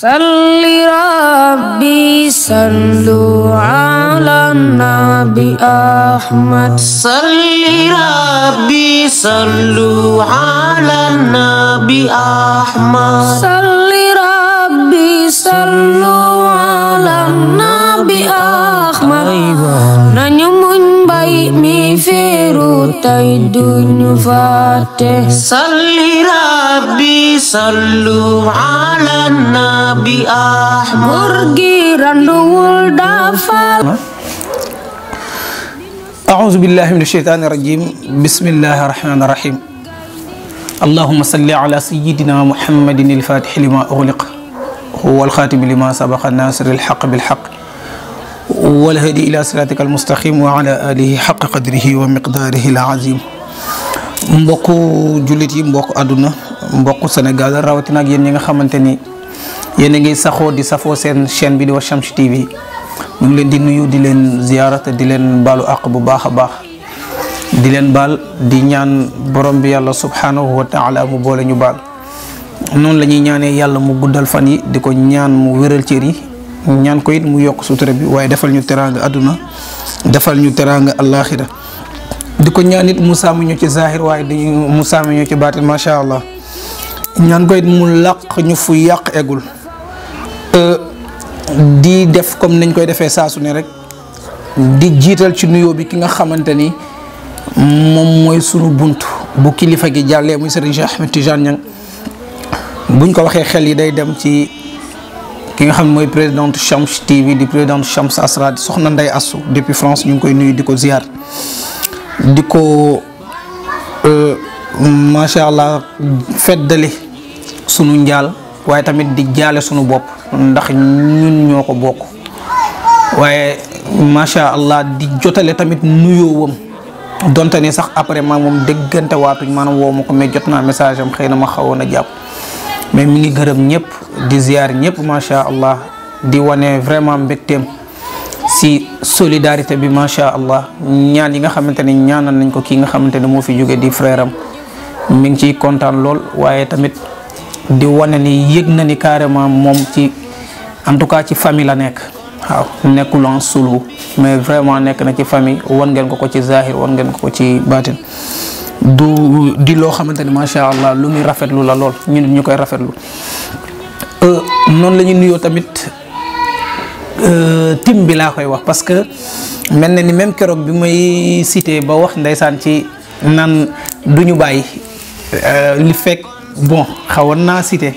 صل ربي صلوا على النبي أحمد صل ربي صلوا على النبي أحمد صل ربي صلوا على النبي أحمد رحمة ننمون باي مي فيرو تايدون فاتح صلي ربي صلوا على النبي أحمر جيران دول دافال أعوذ بالله من الشيطان الرجيم بسم الله الرحمن الرحيم اللهم صل على سيدنا محمد الفاتح لما أغلق هو الخاتم لما سبق الناصر الحق بالحق والهدي إلى صراطك المستقيم وعلى آله حق قدره ومقداره العظيم مبوكو جولتي مبوكو أدونا مبوكو سنغال راوتنا جين نيغا خامنتني ينغي ساخو دي سافو سين شين بي دي شمش تي في نون لين دي نويو دي لين زيارة دي لين بالو أق بو باخ باخ دي لين بال دي نيان بروم بي الله سبحانه وتعالى مو بول نيو بال نون لا نيي نياني يالا مو غودال فاني ديكو نيان مو ويرال تيري ñaan ko it mu yokk sutura bi waaye defal ñu teraanga àdduna defal ñu teraanga allaaxira di ko ñaan it mu sàmm ñu ci zahir waaye di mu ñu ci baatin macha allah ñaan ko it mu làq ñu fu yàq eggul di def comme nañ koy defee saasu ne rek di jiital ci nuyoo bi ki nga xamante ni moom mooy sunu bunt bu kilifa gi jàllee muy Serigne Cheikh Ahmed Tidiane Niang buñ ko waxee xel yi day dem ci. ki nga xam ne mooy présidente Chams TV di présidente Chams Asra di soxna Ndeye Assou depuis France ñu ngi koy nuyu di ko ziar di ko euh, macha allah feddali sunu njaal waaye tamit di jaale sunu bopp ndax ñun ñoo ko bokk waaye macha allah di jotale tamit nuyoowam donte ne sax après maa moom déggante waatuñ maanaam woo ma ko mais jot naa message am xëy na ma xawoon a jàpp mais mi ngi gërëm ñëpp. di ziar ñëpp macha allah di wane vraiment mbégteem si solidarité bi macha allah ñaan yi nga xamante ni ñaanal nañ ko ki nga xamante ne moo fi jóge di frère am mi ngi ciy kontaan lool waaye tamit di wane ni yëg na ni carrément moom ci en tout cas ci famille la nekk waaw nekkul en solo mais vraiment nekk na ci famille wan ngeen ko ko ci zahir wan ngeen ko ko ci baatin du di loo xamante ni macha allah lu muy rafetlu la lool ñun ñu koy rafetlu. Euh, non la nuyo tamit tamit euh, tim bi la koy wax parce que melni ni même kérok bi may cité ba wax ndeysaan ci nan duñu euh li fek bon xawoon cité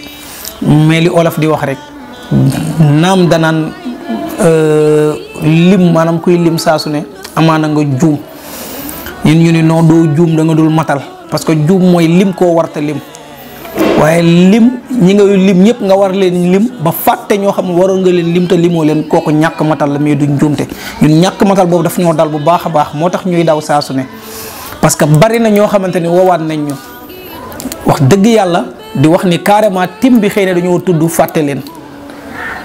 mais li olaf di wax rek danan euh, lim manam kuy lim sasune su ne amaana nga djum ñun ñu ni no do djum da nga dul matal parce que djum moy lim ko warta lim waaye lim ñi nga lim ñëpp nga war leen lim ba fàtte ñoo xam ne waroon nga leen lim te limoo leen kooku ñàkk matal la mais duñ njuumte ñun ñàkk matal boobu daf ñoo dal bu baax a baax moo tax ñuy daw saa su ne parce que bari na ñoo xamante ni woowaat nañ ñu wax dëgg yàlla di wax ni carrément tim bi xëy na dañoo tudd fàtte leen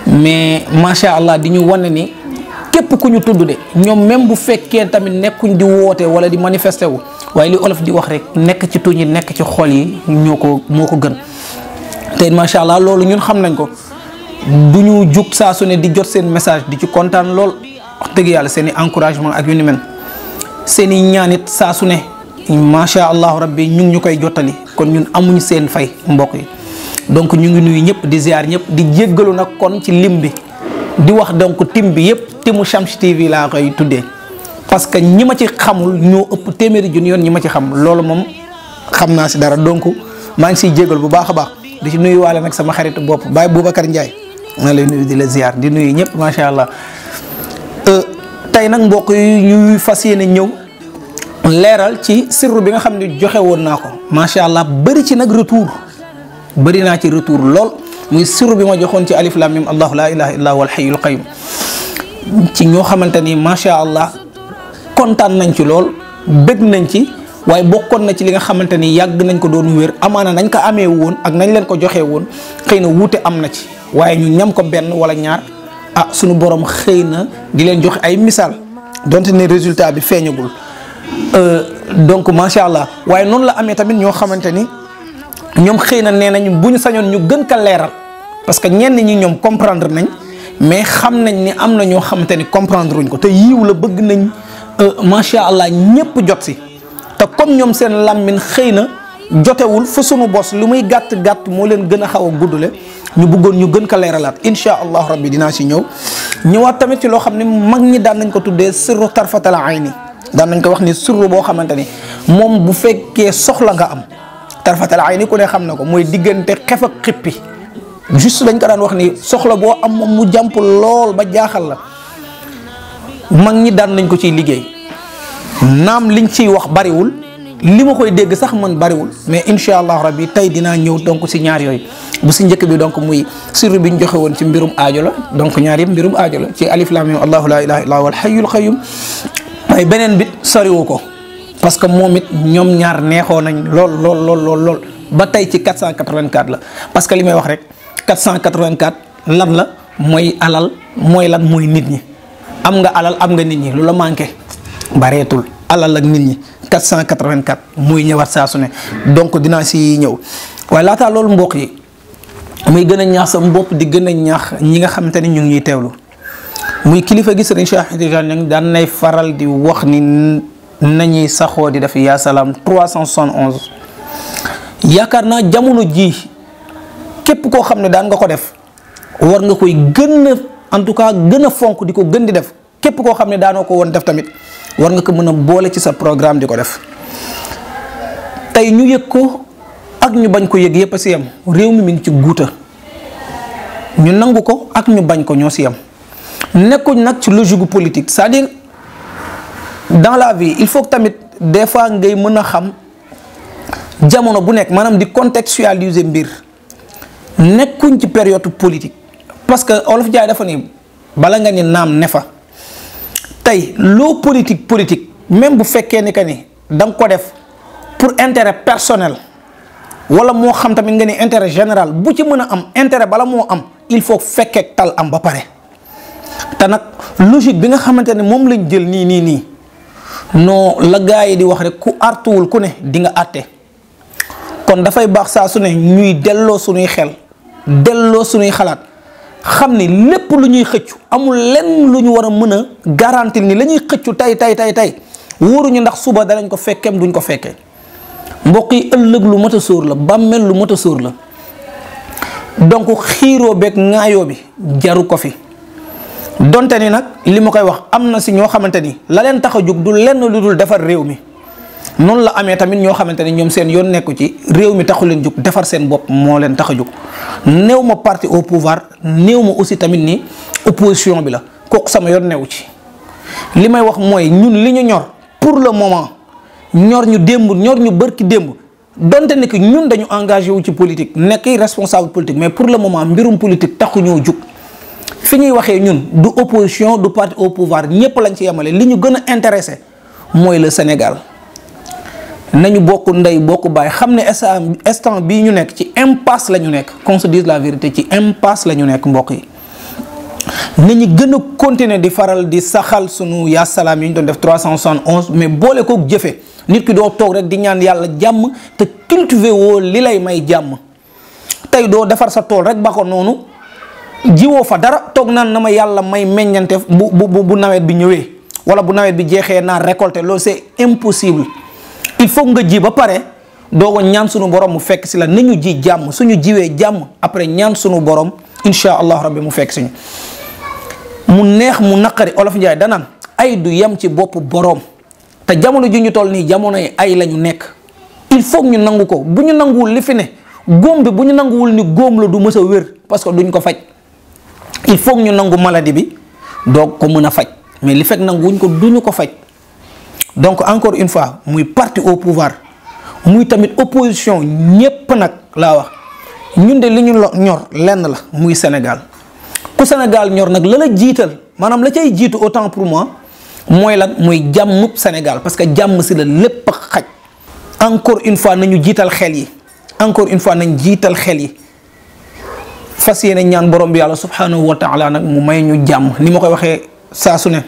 mais macha allah di ñu wane ni képp ku ñu tudd de ñoom même bu fekkee tamit nekkuñ di woote wala di manifester wu waaye li olof di wax rek nekk ci tuñ yi nekk ci xool yi ñoo ko moo ko gën te macha allah loolu ñun xam nañ ko du ñu jug saa su ne di jot seen message di ci kontaan lool wax dëgg yàlla seen i encouragement ak yu ni mel seen i ñaanit saasu su ne macha allah rabbi ñu ngi ñu koy jottali kon ñun amuñ seen fay mbokk yi donc ñu ngi nuyu ñëpp di ziar ñëpp di jéggalu nag kon ci lim bi. di wax donc tim bi yëpp timu Shamsi TV laa koy tuddee parce que ñi ma ci xamul ñoo ëpp téeméeri jun yoon ñi ma ci xam loolu moom xam naa si dara donc maa ngi siy jégal bu baax a baax di ci nuyuwaale nag sama xarit bopp Baye Boubacar Ndiaye maa lay nuyu di la ziar di nuyu ñëpp macha allah euh, tey nag mbokk yi ñuy fas yéene ñëw leeral ci sirru bi nga xam ne joxe woon naa ko macha allah bëri ci nag retour bëri naa ci retour lool. muy sur bi ma joxoon ci alif lam mim allah la ilaha illa huwa al hayyul qayyum ci ño xamanteni ma sha allah contane nañ ci lool bëgg nañ ci waye bokkon na ci li nga xamanteni yag nañ ko doon wér amana nañ ko amé won ak nañ leen ko joxé won xeyna wuté amna ci waye ñu ñam ko ben wala ñaar ah suñu borom xeyna di leen jox ay misal donte ne résultat bi feñugul euh donc ma sha allah waye non la amé tamit ño xamanteni ñom xeyna nenañ buñu sañon ñu gën ka leral parce que ñenn ñi ñoom comprendre nañ mais xam nañ ni am na ñoo xamante ni comprendre wuñ ko te yiw la bëgg nañ euh, macha allah ñëpp jot si te comme ñoom seen làmmiñ xëy na jotewul fa sunu bos lu muy gàtt gàtt moo leen gën a xaw a guddule ñu bëggoon ñu gën ko leeralaat incha allah rabbi dinaa si ñëw ñëwaat tamit ci loo xam ne mag ñi daan nañ ko tuddee sirru tarfatal ayni daan nañ ko wax ni sirru boo xamante ni moom bu fekkee soxla nga am tarfatal ayni ku xam na ko mooy diggante xef ak xippi juste dañ ko daan wax ni soxla boo am moom mu jàmp lool ba jaaxal la mag ñi daan nañ ko ciy liggéey naam liñ ciy wax bariwul li ma koy dégg sax man bariwul mais incha allah rabbi tey dinaa ñëw donc si ñaar yooyu bu si njëkk bi donc muy sirru bi ñu joxe woon ci mbirum aajo la donc ñaar yëpp mbirum aajo la ci alif lam mim allahu la ilaha illa huwa al hayyul qayyum waaye beneen bit soriwu ko parce que moom it ñoom ñaar neexoo nañ lool lool lool lool lool ba tey ci 484 la parce que li may wax rek 484 lan la moy alal moy lan moy nit ñi am nga alal am nga nit ñi lula manké barétul alal ak nit ñi 484 moy ñëwaat sa suné donc dina ci ñëw la ta loolu mbokk yi muy gëna ñaax sa mbop di gëna ñaax ñi nga xamanteni ñu ngi ñuy muy kilifa gi serigne cheikh tidiane ñang daan nay faral di wax ni nañuy saxo di def ya salam 371 yakarna jamono ji képp koo xam ne daan nga ko def war nga koy gën en tout cas gën a fonk di ko gën di def képp koo xam ne daanoo ko woon def tamit war nga ko mën a boole ci sa programme di ko def tey ñu yëg ko ak ñu bañ ko yëg yëpp a si yam réew mi mi ngi ci guuta ñu nangu ko ak ñu bañ ko ñoo si yam nekkuñ nag ci logique politique c'est-à-dire dans la vie il faut tamit des fois ngay mën a xam jamono bu nekk maanaam di contextualiser mbir nekkuñ ci période politique parce que olof jaay dafa ni bala nga ni naam ne fa tey loo politique politique même bu fekkee ni que ni danga ko def pour intérêt personnel wala moo xam tamit nga ni intérêt général bu ci mën a am intérêt bala moo am il faut fekkee tal am ba pare te nag logique bi nga xamante ne moom lañ jël nii nii nii non la gars yi di wax rek ku artuwul ku ne di nga àtte kon dafay baax saa su ne ñuy delloo su nuy xel delloo suñuy xalaat xam ni lépp lu ñuy xëccu amul lenn lu ñu war a mën a garantir ni lañuy xëccu tey tey tey tey wóoruñu ndax suba danañ ko fekkeem duñ ko fekkee mbokk yi ëllëg lu mat a sóor la bàmmeel lu mat a sóor la donc xiiroo beeg ŋaayoo bi jaru ko fi donte ni nag li ma koy wax am na si ñoo xamante ni la leen tax a du lenn lu dul defar réew mi. non la amé tamit ño xamanteni ñom seen yoon nekk ci réew mi taxu leen juk défar seen bop mo leen taxu juk jug parti au pouvoir néew aussi tamit ni opposition bi la kooku sama yoon newu ci limay wax moy ñun li ñor pour le moment ñor ñu demb ñor ñu bërki demb donte nek ñun dañu engagé wu ci politique nek responsable politique mais pour le moment mbirum politique taxu ñu juk fiñuy waxé ñun du opposition du parti au pouvoir ñepp lañ ci yamalé li gëna intéressé moy le Sénégal nañu bokk ndey bokk baay xam ne instant instant bii ñu nekk ci impasse la ñu nekk qu'on la vérité ci impasse la ñu nekk mbokk yi nañu gën continuer di faral di saxal sunu yaa salaam yi ñu doon def cent 371 mais boole kook jëfe nit ki doo toog rek di ñaan yàlla jàmm te cultiver woo li lay may jàmm tey doo defar sa tool rek ba ko noonu jiwoo fa dara toog naan na ma yàlla may meññante bu bu bu nawet bi ñëwee wala bu nawet bi jeexee naa récolter loolu c'est impossible il faut nga ji ba pare dogo ñaan suñu borom mu fekk si la nañu ji jamm suñu jiwee jamm après ñaan suñu borom insha allah rabbi mu fekk suñu mu neex mu nakari olof njaay danaan ay du yam ci bop borom ta jamono ji ñu toll ni jamono ay lañu nek il faut ñu nangu ko bu ñu nanguwul li fi ne góom bi bu ñu nanguwul ni gom la du mësa wër parce que duñ ko fajj il faut ñu nangu maladie bi do ko mëna fajj mais li fekk nanguwuñ ko duñu ko fajj donc encore une fois muy parti au pouvoir muy tamit opposition ñepp nak la wax ñun de liñu ñor lenn la muy sénégal ku sénégal ñor nak la la jital manam la cey jitu autant pour moi moy lan muy jamm sénégal parce que jamm ci la lepp xaj encore une fois nañu jital xel yi encore une fois nañ jital xel yi fasiyene ñaan borom bi yalla subhanahu wa ta'ala nak mu may ñu jamm ni ma waxe sa su ne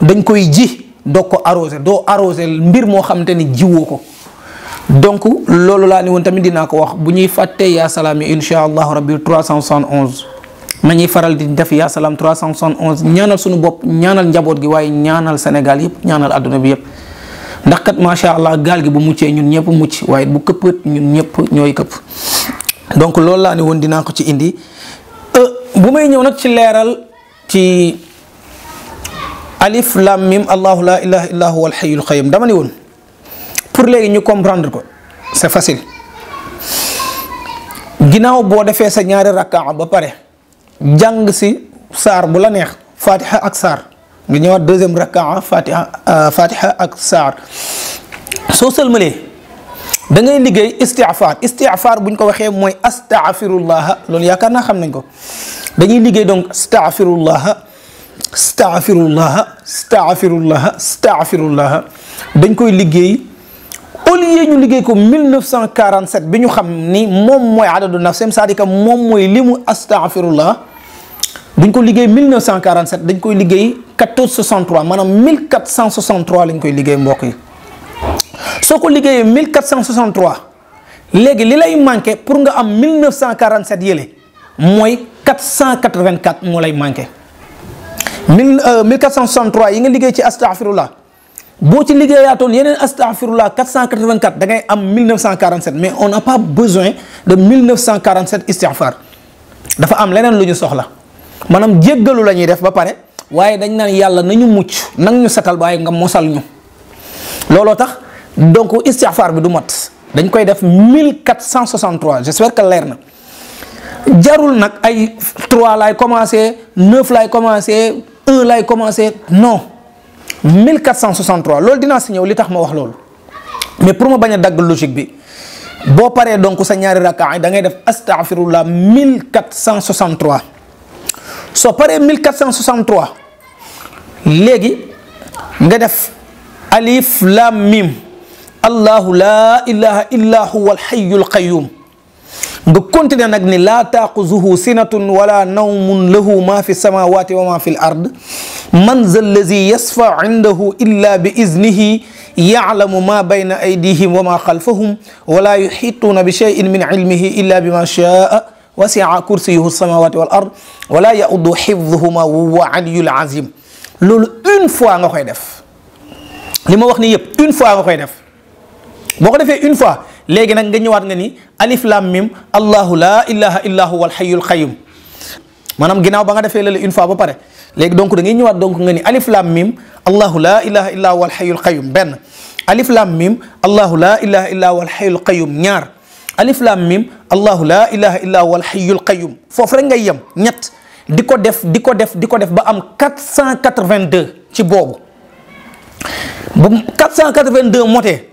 dañ koy jii doko arose, do arose, bir mbir mo xamanteni ni ko donc loolu la ni won tamit dina ko wax bu ñuy fàtte insha allah rabbi 371 ma faral di def ya salam 371 ñaanal suñu nyanal ñaanal nyanal gi way ñaanal senegal yep ñaanal aduna bi yep ndax kat sha allah gal gi bu muccee ñun ñëpp mucc waaye bu këppat ñun ñoy donc la ni won dina ko ci indi euh, bu may ñew nak ci leeral ci alif lam mim allahu la ilaha illa huwa alhayyul qayyum dama ni woon pour légui ñu comprendre ko c'est facile ginaaw bo defé sa ñaari rak'a ba pare jàng si sar bu la neex fatiha ak sar nga ñëwa deuxième rak'a fatiha fatiha ak so soo mele da ngay liggéey istighfar istighfar buñ ko waxé moy astaghfirullah lool yaaka na xam nañ ko dañuy liggéey donc astaghfirullah staafirullaha staafirullaha staafirullaha dañ koy liggéey au lieu ñu liggéey ko 1947 bi ñu xam ni moom mooy adadu nafsim c'est-à-dire que moom mooy li mu astaghfirullah duñ ko liggéey 1947 dañ koy liggéey 1463 maanaam 1463 lañ koy liggéey mbokk yi soo ko liggéeyee 1463 léegi li lay manqué pour nga am 1947 yële mooy 484 moo lay manqué. mille euh, mille quatre cent soixante trois yi nga liggéey ci astaghfirullah boo ci liggéeyaatoon yeneen astaghfirullah quatre cent da am mais on n'a pas besoin de mille neuf cent quarante sept dafa am leneen lu ñu soxla maanaam jéggalu la ñuy def ba pare waaye dañ naan yàlla nañu mucc nang ñu setal waaye nga mosal ñu looloo tax donc istighfar bi du mat dañ koy def 1463 j'espère que leer na jarul nag ay 3 laay commencé 9 laay commencé un lay commencé non 1463 loolu dinaa si ñëw li tax ma wax loolu mais pour ma bañ a dagg logique bi boo paree donc sa ñaari rakaa da ngay def astaghfirullah 1463 soo paree 1463 léegi nga def alif lam mim allahu la ilaha illa huwa alhayyul qayyum nga continuer nag ni laa taaquzuhu sinatun wala nawmun lahu ma fi samawati wa ma fi l ard man za allazi yasfa indahu illa bi iznihi يعلم ما بين أيديهم وما خلفهم ولا يحيطون بشيء من علمه إلا بما شاء وسع كرسيه السماوات والأرض ولا يؤد حفظهما وهو علي العظيم لول une fois nga koy def lima wax ni yep une fois nga koy def boko defé une fois léegi nag nga ñëwaat nga ni alif lam mim allahu laa ilaha illa huwa alxayul xayum maanaam ginnaaw ba nga defee la une fois ba pare léegi donc da ngay ñëwaat donc nga ni alif lam mim allahu laa ilaha illa huwa alxayul xayum benn alif miim mim allahu laa ilaha illa huwa alxayul xayum ñaar alif lam mim allahu laa ilaha illa huwa foofu rek ngay yem ñett di ko def di ko def di ko def ba am 482 ci boobu bu 482 motee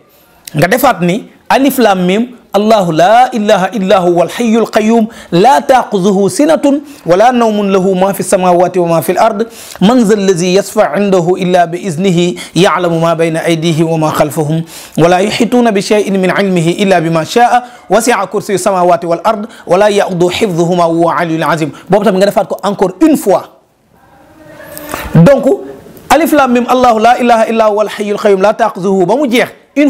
nga defaat ni ألف لام ميم الله لا إله إلا هو الحي القيوم لا تأخذه سنة ولا نوم له ما في السماوات وما في الأرض من ذا الذي يشفع عنده إلا بإذنه يعلم ما بين أيديه وما خلفهم ولا يحيطون بشيء من علمه إلا بما شاء وسع كرسي السماوات والأرض ولا يأخذ حفظهما وهو علي العظيم بابتا من غير encore une fois donc alif lam mim Allah la ilaha illa huwa al hayyul qayyum la taqzuhu ba mu jeex une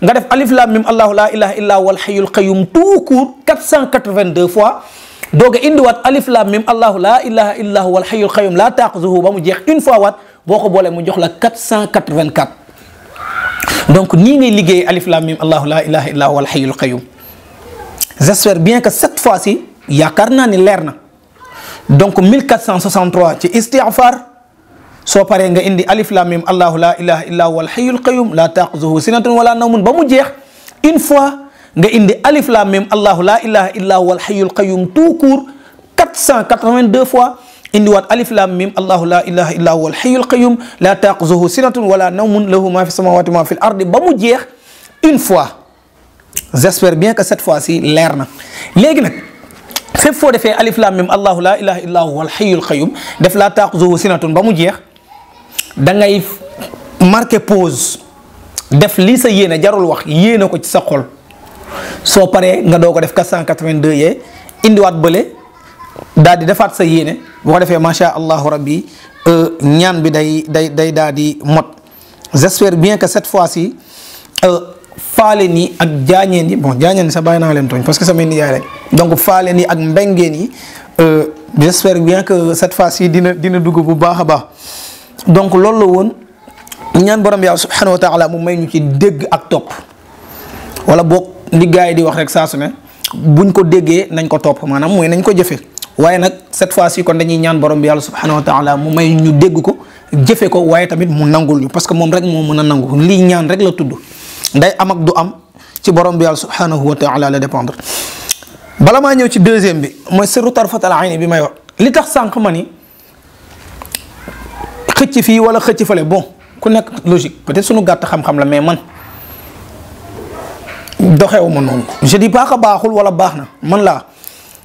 nga def alif lam mim allah la ilaha illa wal hayyul qayyum tout court 482 fois doga indi wat alif lam mim allah la ilaha illa wal hayyul qayyum la taqzuhu bamu jeex une fois wat boko bolé mu jox la 484 donc ni ngay liggéey alif lam mim allah la ilaha illa wal hayyul qayyum j'espère bien que cette fois-ci yakarna ni lerna donc 1463 ci istighfar soo paree nga indi alif lam mim allah la ilaha illa huwa al hayy al qayyum la taquzuhu sinatun wala nawmun ba mu jeex une fois nga indi alif lam mim allah la ilaha illa huwa al hayy al qayyum tout court 482 fois indi wat alif lam mim allah la ilaha illa huwa al hayy al qayyum la taquzuhu sinatun wala nawmun lahu ma fi samawati ma fi al ard ba mu jeex une fois j'espère bien que cette fois-ci leer na léegi nag fépp foo defee alif lam mim allah la ilaha illa huwa al hayy al qayyum def la taquzuhu sinatun ba mu jeex da ngay marqué pause def lii sa yéene jarul wax yéene ko ci sa xol soo paree nga doo ko def quat cent 482 yee indiwaat bële daal di defaat sa yéene boo ko defee macha allahu rabbi euh, ñaan bi day day day daal di mot j'espère bien que cette fois-ci euh, faaleen yi ak jaañeen yi bon jaañeen yi sax bàyyi naa leen tooñ parce que samay nijaay rek donc faaleen yi ak mbengeen yi euh, j'espère bien que cette fois-ci dina dina dugg bu baax a baax donc loolu won ñaan borom yàlla subhanahu wa taala mu may ñu ci dégg ak top wala bok li gaay di wax rek sa suné buñ ko déggé nañ ko top manam moy nañ ko jëfé waye nak cette fois ci kon dañuy ñaan borom bi subhanahu wa taala mu may ñu dégg ko jëfé ko waye tamit mu nangul ñu parce que mom rek mo mëna a nangu lii ñaan rek la tuddu day am ak du am ci borom bi yàlla subhanahu wa taala la dépendre bala ma ñew ci deuxième bi moy sirru tarfatal ayni bi may wax li tax sank mani xëcc fii wala xëcc fale bon ku nekk logique peut-être suñu gàtt xam-xam la mais man doxewuma noonu. je dis pas que baaxul wala baax na man laa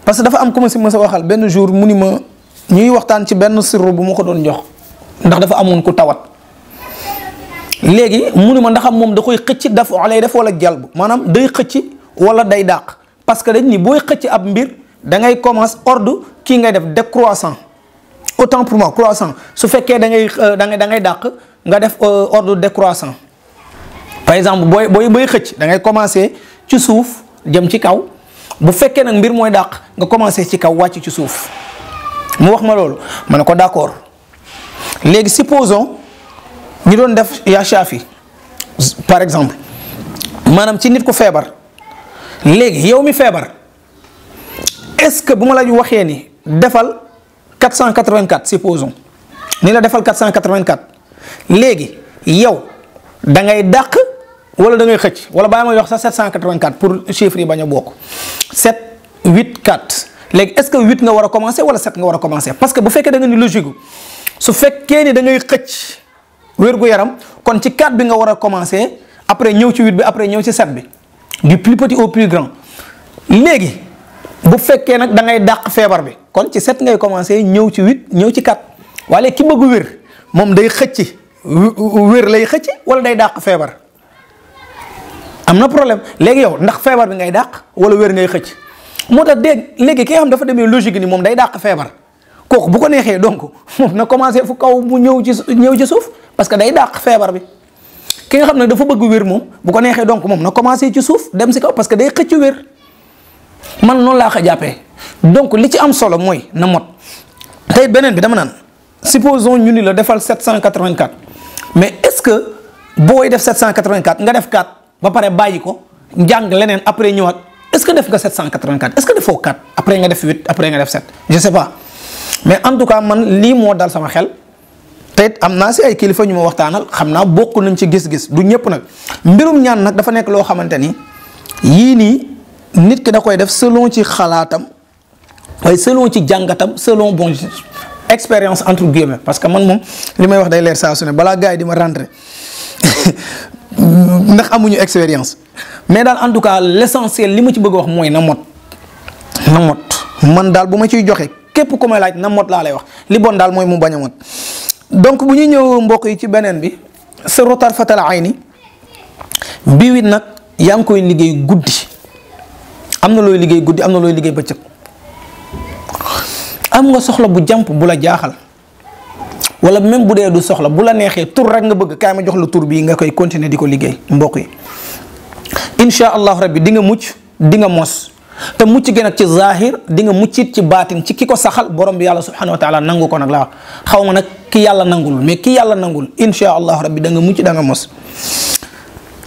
parce que dafa am ku ma si mës waxal benn jour mu ni ma ñuy waxtaan ci benn sirru bu ma ko doon jox ndax dafa amoon ku tawat. léegi mu ni ma ndax moom da koy xëcc daf lay def wala jalb maanaam day xëcc wala day dàq parce que dañ ni booy xëcc ab mbir da ngay commence ordre kii ngay def décroissant autant pour moi croissant su fekkee dangay ngay euh, da ngay da ngay dàq nga def euh, ordre décroissant par exemple booy booy booy xëcc da ngay commencer ci suuf jëm ci kaw bu fekkee nag mbir mooy dàq nga commencer ci kaw wàcc ci suuf mu wax ma loolu ma ne ko d'accord léegi supposons ñi doon def yaa shaafi par exemple maanaam ci nit ko feebar léegi yow mi feebar est-ce que bu ma la waxee ni defal. 484 supposons ni la defal 484 légui yow da ngay dàq wala da ngay xëcc wala bàyyi ma yox sax 784 pour chiffre yi 7 8 4 est-ce que 8 nga wara commencer wala 7 nga wara commencer parce que bu fekkee da nga ni logique su faites ni da ngay xëcc wér gu yaram kon ci 4 bi nga wara commencer après ñëw ci 8 bi après ñëw ci 7 du plus petit au plus grand légui bu fekkee nag da ngay dàq feebar bi kon ci sept ngay commencé ñëw ci huit ñëw ci kat wala ki bëgg wér moom day xëcc wér lay xëcc wala day dàq feebar am na problème léegi yow ndax feebar bi ngay dàq wala wér ngay xëcc moo tax dégg léegi ki xam dafa demee logique ni moom day dàq feebar kooku bu ko neexee donc moom na commencé fu kaw mu ñëw ci ñëw ci suuf parce que day dàq feebar bi ki nga xam ne dafa bëgg wér moom bu ko neexee donc moom na commencé ci suuf dem si kaw parce que day xëcc wér. man non la ko donc li ci am solo moy na mot tay benen bi dama nan supposons ñu ni la defal 784 mais est-ce que boy def 784 nga def 4 ba paré bayiko jang lenen après ñewat est-ce que def nga 784 est-ce que faut 4 après nga def 8 après nga def 7 je sais pas mais en tout cas man li mo dal sama xel. te it am naa ay kilifa ñu ma waxtaanal xam naa bokk nañ ci gis-gis du ñëpp nak mbirum ñaan nak dafa lo xamanteni yi ni nit ki da koy def selon ci xalaatam waaye selon ci jàngatam selon bon expérience entre guillemets parce que man moom li may wax day leer saa su ne balaa gars yi di ma rentré ndax amuñu expérience mais daal en tout cas l' essentiel li ma ci bëgg a wax mooy na mot na mot man daal bu ma ciy joxe képp ku may laaj na mot laa lay wax li bon daal mooy mu bañ mot donc bu ñuy ñëw mbokk yi ci beneen bi sa rotar fatal ayni bii wit nag yaa ngi koy liggéey guddi amna loy liggey gudi amna loy liggey looy am nga soxla bu jamp bu la jaaxal wala même bu dee du soxla bu la nexé tour rek nga bëgg kay ma jox la tour bi nga koy continuer di liggey mbokk yi insha allah rabbi di nga mucc di nga mos te mucc gi nak ci zahir di nga muccit ci batin ci kiko saxal borom bi yalla subhanahu wa taala nangou ko nak la xaw nga nak ki yalla nangul mais ki yalla nangul insha allah rabbi da nga mucc da nga mos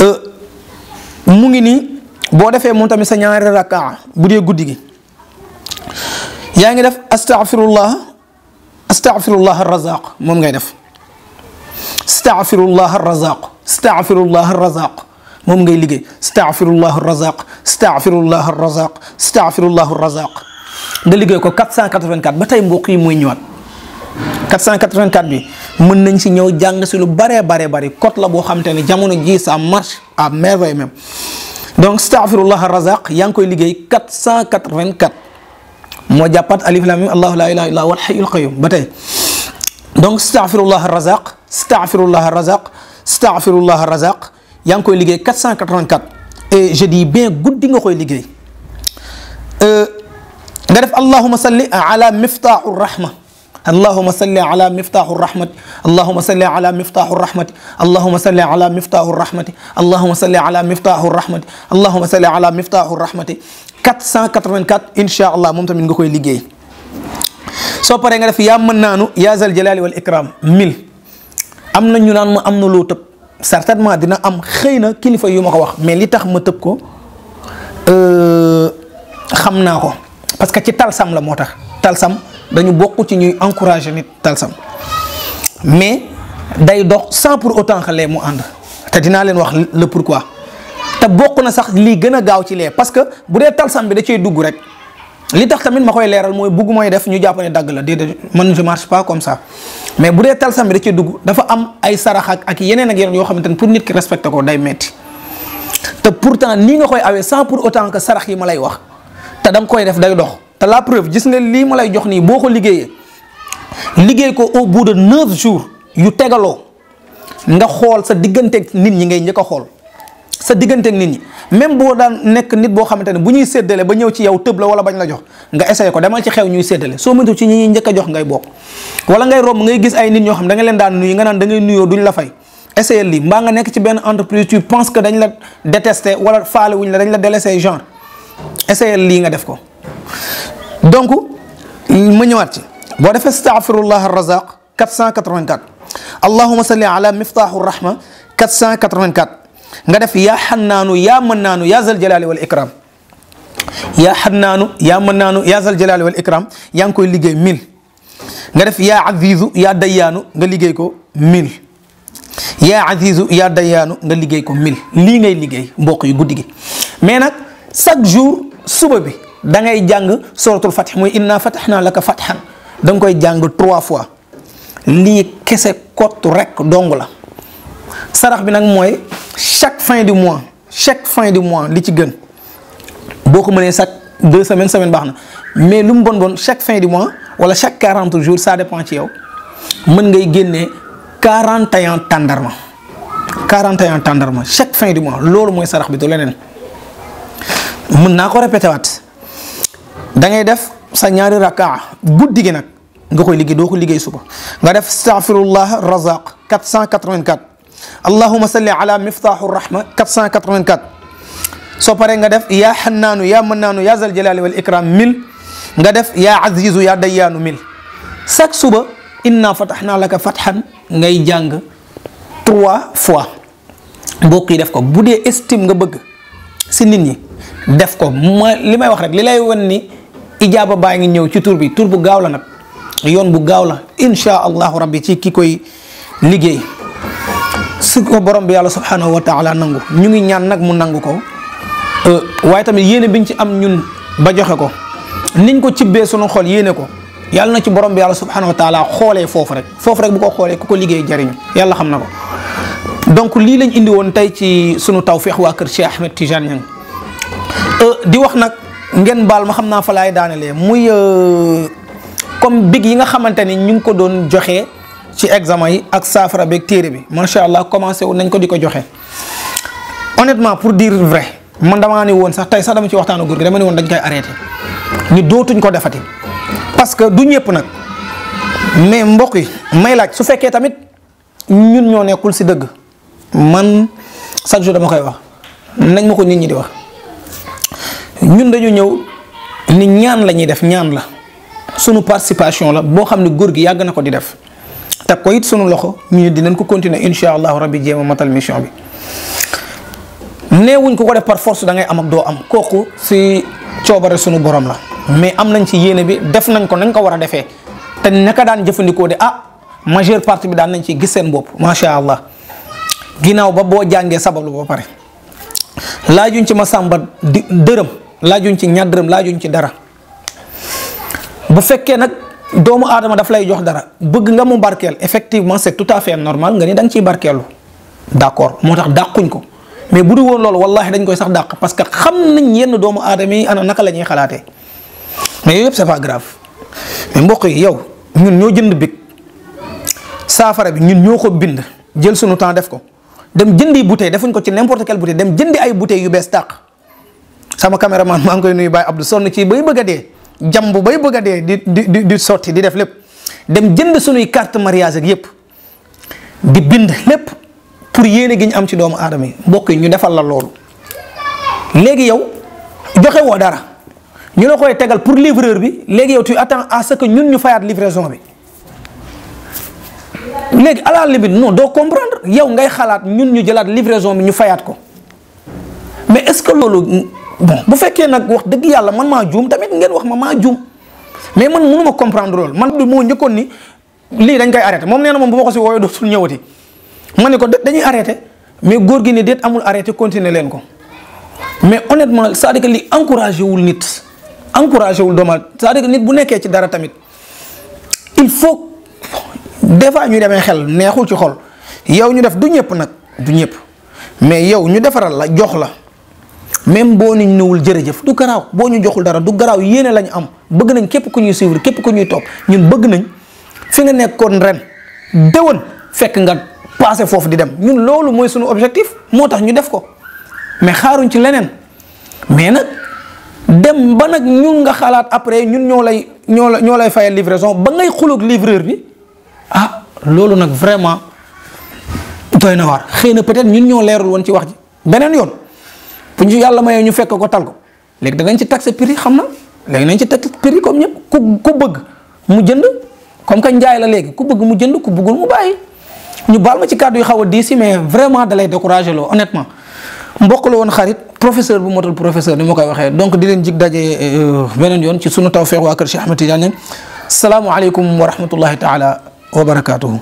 euh, mu ngi ni boo defee moom tamit sa ñaari rakaa bu dee guddi gi yaa ngi def astaghfirullah astaghfirullah razaq moom ngay def astaghfirullah razaq astaghfirullah razaq moom ngay liggéey astaghfirullah razaq astaghfirullah razaq astaghfirullah razaq nga liggéey ko 484 ba tey mbokk yi mooy ñëwaat 484 bi mën nañ si ñëw jàng si lu baree baree bari code la boo xam te ne jamono jii ça marche à merveille même donc staghfirullah razaq yaa ngi koy liggéey 484 moo jàppat alif lam mim allahu la ilaha illa wal hayyul qayyum ba tey donc staghfirullah razaq staghfirullah razaq staghfirullah razaq yaa ngi koy liggéey 484 et je dis bien guddi nga koy liggéey nga def allahuma salli ala miftahu rahma اللهم صل على مفتاح الرحمة اللهم صل على مفتاح الرحمة اللهم صل على مفتاح الرحمة اللهم صل على مفتاح الرحمة اللهم صل على مفتاح الرحمة 484 إن شاء الله moom tamit nga koy liggéey soo paree nga def yaa mën naanu yaa zal jalaali wal ikram 1000 am na ñu naan ma am na loo tëb certainement dina am xëy na kilifa yu ma ko wax mais li tax ma tëb ko xam naa ko parce que ci talsam la moo tax talsam. dañu bokk ci ñuy encourager nit talsam mais day dox san pour autant que lee mu ànd te dinaa leen wax le pourquoi te bokk na sax lii gën a gaaw ci lee parce que bu dee talsam bi da cee dugg rek li tax tamit ma koy leeral mooy bugg def ñu jàpp dagg la déedéet man je marche pas comme ça mais bu dee talsam bi da cee dugg dafa am ay sarax ak ak yeneen ak yeneen yoo xamante ne pour nit ki respecté ko day metti te pourtant nii nga koy awee sans pour autant que sarax yi ma lay wax te da koy def day dox. te la preuve gis nga lii ma lay jox nii boo ko liggéeyee liggéey ko au bout de neuf jours yu tegaloo nga xool sa digganteeg nit ñi ngay njëkk xool sa digganteeg nit ñi même boo daan nekk nit boo xamante ne bu ñuy séddale ba ñëw ci yow tëb la wala bañ la jox nga essayé ko demal ci xew ñuy séddale soo mëntu ci ñu ñuy njëkk jox ngay bokk wala ngay romb ngay gis ay nit ñoo xam da nga leen daan nuyu nga naan da nuyoo duñu la fay. essayé lii mbaa nga nekk ci benn entreprise tu penses que dañ la détesté wala faale la dañ la délaissé genre essayé lii nga def ko. donc ma ñëwaat ci boo defee astaghfirullah arrazaq 484 allahuma salli ala miftahu rahma 484 nga def yaa xannaanu yaa mannaanu yaa zal jalaali wal ikram yaa xannaanu yaa mannaanu yaa zal jalaali wal ikram yaa ngi koy liggéey 1000 nga def yaa azizu yaa dayyaanu nga liggéey ko 1000 yaa azizu yaa dayyaanu nga liggéey ko 1000 lii ngay liggéey mbokk yu guddi gi mais nag chaque jour suba bi da ngay jàng suratul fatih muy inna la ko faj da danga koy jàng trois fois lii kese kott rek dong la sarax bi nag mooy chaque fin du mois chaque fin du mois li ci gën boo ko mënee chaque deux semaines semaine baax na mais lu mu bon bon chaque fin du mois wala chaque quarante jour ça dépend ci yow mën ngay génne quarante et un tàndarma quarante et tàndarma chaque fin du mois loolu mooy sarax bi du leneen mën naa ko répété waat. da ngay def sa ñaari rakaa guddi gi nag nga koy liggéey doo ko liggéey suba nga def astaghfirullah razaq 484 allahuma salli ala miftahu rahma 484 soo paree nga def yaa xannaanu yaa mannaanu ya zal jalali wal ikram mil nga def yaa azizu yaa dayyaanu mil chaque suba inna fatahnaa laka fathan ngay jàng trois fois mbokk def ko bu dee estime nga bëgg si nit ñi def ko ma li may wax rek li lay ijaba ba ngi ñew ci tour bi tour bu gaaw la nak yoon bu gaaw la insha allah rabbi ci ki koy liggéey su ko borom bi yalla subhanahu wa taala nangu ñu ngi ñaan nak mu nangu ko euh, waye tamit yene biñ ci am ñun ba joxe ko niñ ko cibbe suñu xol yene ko yalla na ci borom bi yalla subhanahu wa taala xole fofu rek fofu rek bu ko xole ku ko jariñ yalla xam nako donc li lañ indi won tay ci suñu tawfiq wa keur cheikh ahmed tijane ñang euh, di wax nak ngeen baal ma xam naa fa laay daanelee muy euh, comme big yi nga xamante ni ñu ngi ko doon joxe ci examen yi ak saafara beeg téere bi macha allah commencé wu nañ ko di ko joxe. honnêtement pour dire vrai man damaa ne woon sax tey sax dama ci waxtaanu góor gi dama ne woon dañ koy arrêté ñu dootuñ ko defati parce que du ñëpp nag mais mbokk yi may laaj su fekkee tamit ñun ñoo nekkul si dëgg man chaque jour dama koy wax nañ ma ko nit ñi di wax. ñun dañu ñëw ni ñaan la ñuy def ñaan la sunu participation la boo xam ne góor gi yàgg na ko di def teg ko it sunu loxo ñu dinañ ko continuer incha allahu rabbi jéem a mission bi. neewuñ ko ko def par force da ngay am ak doo am kooku si coobare sunu borom la mais am nañ ci yéene bi def nañ ko nañ ko war a defee te naka daan jëfandikoo de ah majeure partie bi daan nañ ci gis seen bopp macha allah ginnaaw ba boo jàngee sabablu ba pare laajuñ ci ma sàmba di dërëm. laajuñ ci ñaar dërëm laajuñ ci dara bu fekkee nag doomu aadama daf lay jox dara bëgg nga mu barkeel effectivement c'est tout à fait normal nga ni da nga ciy barkeelu d'accord moo tax dàquñ ko mais bu du woon loolu wallahi dañ koy sax dàq parce que xam nañ yenn doomu aadama yi ana naka la ñuy xalaatee mais yooyu yëpp c'est pas grave mais mbokk yi yow ñun ñoo jënd big saafara bi ñun ñoo ko bind jël sunu temps def ko dem jëndi bouteille defuñ ko ci n'importe quelle bouteille dem jëndi ay bouteilles yu bees tàq. sama caméraman maa ngi koy nuyu Baye Abdou sonn ci bay bëgg a dee jàmb bay bëgg dee di di di sotti di def lépp dem jënd suñuy carte mariage ak yépp di bind lépp pour yéene gi ñu am ci doomu aadama yi mbokk yi ñu defal la loolu léegi yow joxe woo dara ñu la koy tegal pour livreur bi léegi yow tu attends à ce que ñun ñu fayaat livraison bi léegi à la limite non doo comprendre yow ngay xalaat ñun ñu jëlaat livraison bi ñu fayaat ko mais est-ce que loolu bu fekkee nag wax dëgg yàlla man maa juum tamit ngeen wax ma maa juum mais man mënu ma comprendre loolu man du moo njëkkoon ni lii dañ koy arrêté moom nee na moom bu ma ko si wooyee dootul ñëwati ma ne ko dañuy arrêté mais góor gi ne déet amul arrêté continuer leen ko mais honnêtement c'est-à-dire que li wul nit encouragé wul doomal cest à nit bu nekkee ci dara tamit il faut des fois ñu demee xel neexul ci xol yow ñu def du ñëpp nag du ñëpp mais yow ñu defaral la jox la. même boo ñu newul jërëjëf du garaaw boo ñu joxul dara du garaaw yéene lañu am bëgg nañ képp ku ñuy suivre képp ku ñuy toog ñun bëgg nañ fi nga nekkoon ren déwén fekk nga passé foofu di dem ñun loolu mooy suñu objectif moo tax ñu def ko mais xaaruñ ci leneen mais nag dem ba nag ñun nga xalaat après ñun ñoo lay ñoo la ñoo lay fayal livraison ba ngay xuloog livreur bi ah loolu nag vraiment doy na waar xëy na peut-être ñun ñoo leerul woon ci wax ji beneen yoon. bu ñu yàlla mayee ñu fekk ko tal léegi danañ ci taxe prix xam na léegi nañ ci taxe prix comme ñëpp ku ku bëgg mu jënd comme que njaay la léegi ku bëgg mu jënd ku bëggul mu bàyyi ñu baal ma ci kàddu yu xaw a diisi mais vraiment dalay découragé loo honnêtement mbokk la woon xarit professeur bu motal professeur ni ma koy waxee donc di leen jig daje euh, beneen yoon ci sunu tawfeex waa kër Cheikh Ahmed Tidiane salaamualeykum wa rahmatullahi taala wa barakaatuhu.